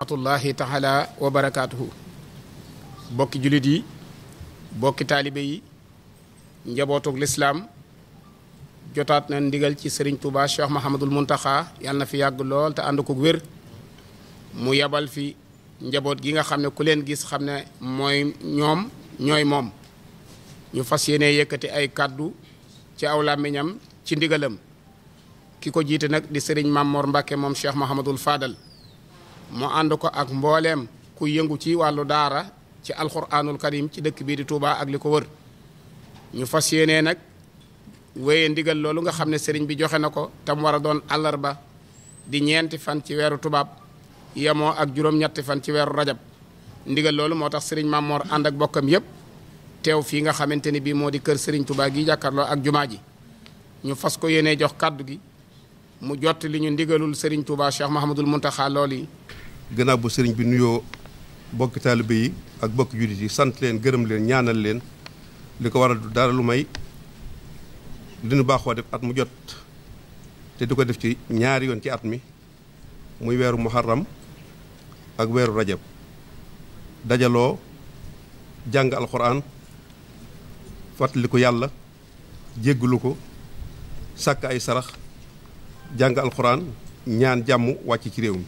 rahmatullahi taala wa barakaatuhu bokki jullit yi bokki taalibe yi njabootug lislaam jotaat na ndigal ci sëriñ Touba Cheikh Mahamadul Muntaxa yàlla na fi yàgg lool te ànd ko wér mu yabal fi njaboot gi nga xam ne ku leen gis xam ne mooy ñoom ñooy moom ñu fas yéene yëkkati ay kàddu ci aw làmmiñam ci ndigalam ki ko jiite nag di sëriñ Mamor Mbàkke moom Cheikh Mahamadul Fadal mu ànd ko ak mbooleem ku yëngu ci wàllu daara ci alxuraanul karim ci dëkk bii di Touba ak li ko wër ñu fas yéenee nag wéye ndigal loolu nga xam ne sëriñ bi joxe na ko tam war a doon àllarba di ñeenti fan ci weeru tubaab yemoo ak juróom-ñetti fan ci weeru rajab ndigal loolu moo tax sëriñ Mamor ànd ak bokkam yëpp teew fii nga xamante ni bii moo di kër sëriñ Touba gi jàkkaarloo ak jumaa ji ñu fas ko yéenee jox kàddu gi mu jot li ñu ndigalul sëriñ Touba Cheikh Mahamadul Muntaxa lool yi gannaaw bu sëriñ bi nuyoo bokk taalibe yi ak bokk jullit yi sant leen gërëm leen ñaanal leen li ko waral du dara lu may li nu baaxoo def at mu jot te du ko def ci ñaari yoon ci at mi muy weeru muharram ak weeru rajab dajaloo jàng alxuraan fàttali ko yàlla jéggalu ko sàkk ay sarax jàng alxuraan ñaan jàmm wàcc ci réew mi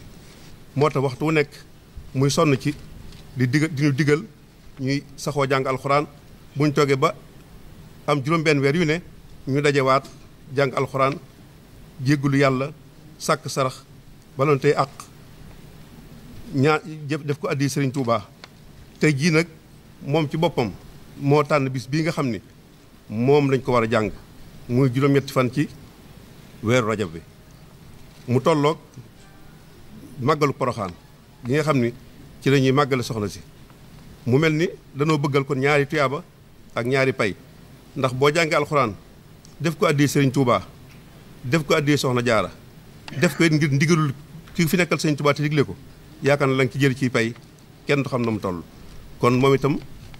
moo tax waxtu wu nekk muy sonn ci di digal di ñu digal ñuy saxoo jàng alxuraan buñ toogee ba am juróom-benn weer yu ne ñu dajewaat jàng alxuraan jéggulu yàlla sàkk sarax baloon tey àq ñaa def ko addi Serigne Touba tey jii nag moom ci boppam moo tànn bis bii nga xam ni moom lañ ko war a jàng muy juróom-ñetti fan ci weeru rajab bi mu tolloog màggalu poroxaan gi nga xam ni ci lañuy ñuy màggale soxna si mu mel ni danoo bëggal kon ñaari tuyaaba ak ñaari pay ndax boo jàngee alxuraan def ko àddee sëriñ Touba def ko àddee soxna jaara def ko it ngir ndigalul ki fi nekkal sëriñ Touba te digle ko yaakaar na la nga ci jël ciy pay kenn du xam na mu toll kon moom itam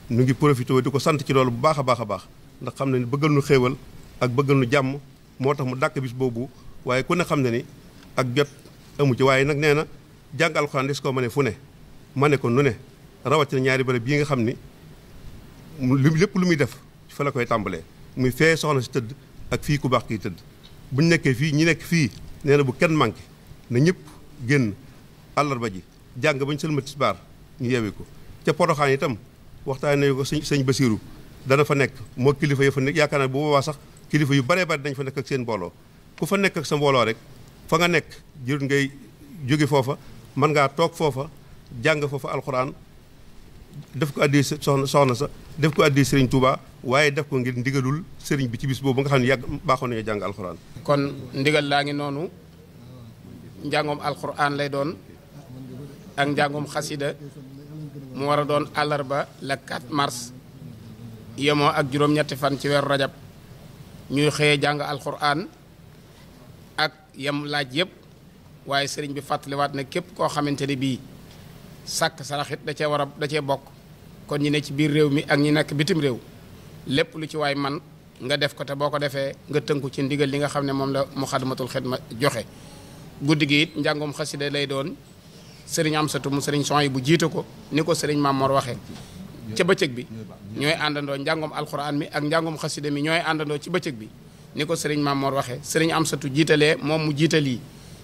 nu ngi profité di ko sant ci loolu bu baax a baax a baax ndax xam ne ni bëggal nu xéewal ak bëggal nu jàmm moo tax mu dàkk bis boobu waaye ku ne xam ne ni ak jot amu ci waaye nag nee na jàng alxuraan des koo ma ne fu ne ma ne ko nu ne rawatina ñaari bërëb bii nga xam ni lu lépp lu muy def fa la koy tàmbalee muy fee soxna si tëdd ak fii ku baax kii tëdd bu nekkee fii ñu nekk fii nee na bu kenn manqué na ñëpp génn àllarba ji jàng ba ñu si tisbaar ñu yeewi ko ca poroxaan itam waxtaan nañu ko sëñ sëñ Basiiru dana fa nekk moo kilifa ya fa nekk yaakaar naa bu boobaa sax kilifa yu bare bari dañ fa nekk ak seen mbooloo ku fa nekk ak sa mbooloo rek fa nga nekk jërut ngay jóge foofa mën ngaa toog foofa jàng foofa alxuraan def ko addi soxna soxna sa def ko addi sëriñ Touba waaye def ko ngir ndigalul sëriñ bi ci bis boobu nga xam ne yàgg baaxoon nañu jàng alxuraan. kon ndigal laa ngi noonu njàngoom alxuraan lay doon ak njàngoom xasida mu war a doon àllarba le 4 mars yemo ak juróom-ñetti fan ci weeru rajab ñuy xëyee jàng alxuraan. yam laaj yëpp waaye sëriñ bi fàttaliwaat na képp koo xamante ne bii sàkk saraxit da cee war a da cee bokk kon ñi ne ci biir réew mi ak ñi nekk bitim réew lépp lu ci waay man nga def ko te boo ko defee nga tënku ci ndigal li nga xam ne moom la muxadamatul xidma joxe guddi gi it njàngum xasida lay doon sëriñ am Amsatu mu sëriñ son yi bu jiite ko ni ko sëriñ Mamor waxee ca bëccëg bi ñooy àndandoo njàngum alxuraan mi ak njàngum xasida mi ñooy àndandoo ci bëccëg bi ni ko sëriñ Mamor waxee sëriñ Amsatu jiitalee moom mu jiital yi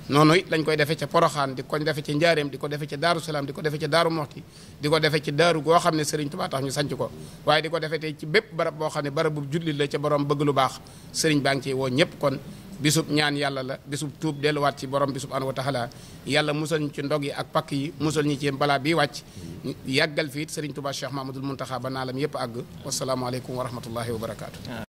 noonu it lañ koy defee ca Poroxaan di ko defe ca Njaareem di ko defee ca Daaru Salaam di ko defe ca Daaru Moxti di ko defee ci daaru goo xam ne sëriñ Tuubaa tax ñu sanc ko waaye di ko defee tey ci bépp barab boo xam ne barab bu jullit la ca borom bëgg lu baax sëriñ baa ngi ciy woo ñëpp kon bisub ñaan yàlla la bisub tuub delluwaat ci borom bisub an wa taxala yàlla musal ñu ci ndog yi ak pakk yi musal ñu ci balaa bi wàcc yàggal fiit sëriñ Tuubaa Cheikh Mahmadul Muntaxa ba naalam yëpp àgg wasalaamualeykum wa rahmatullahi wa barakaatu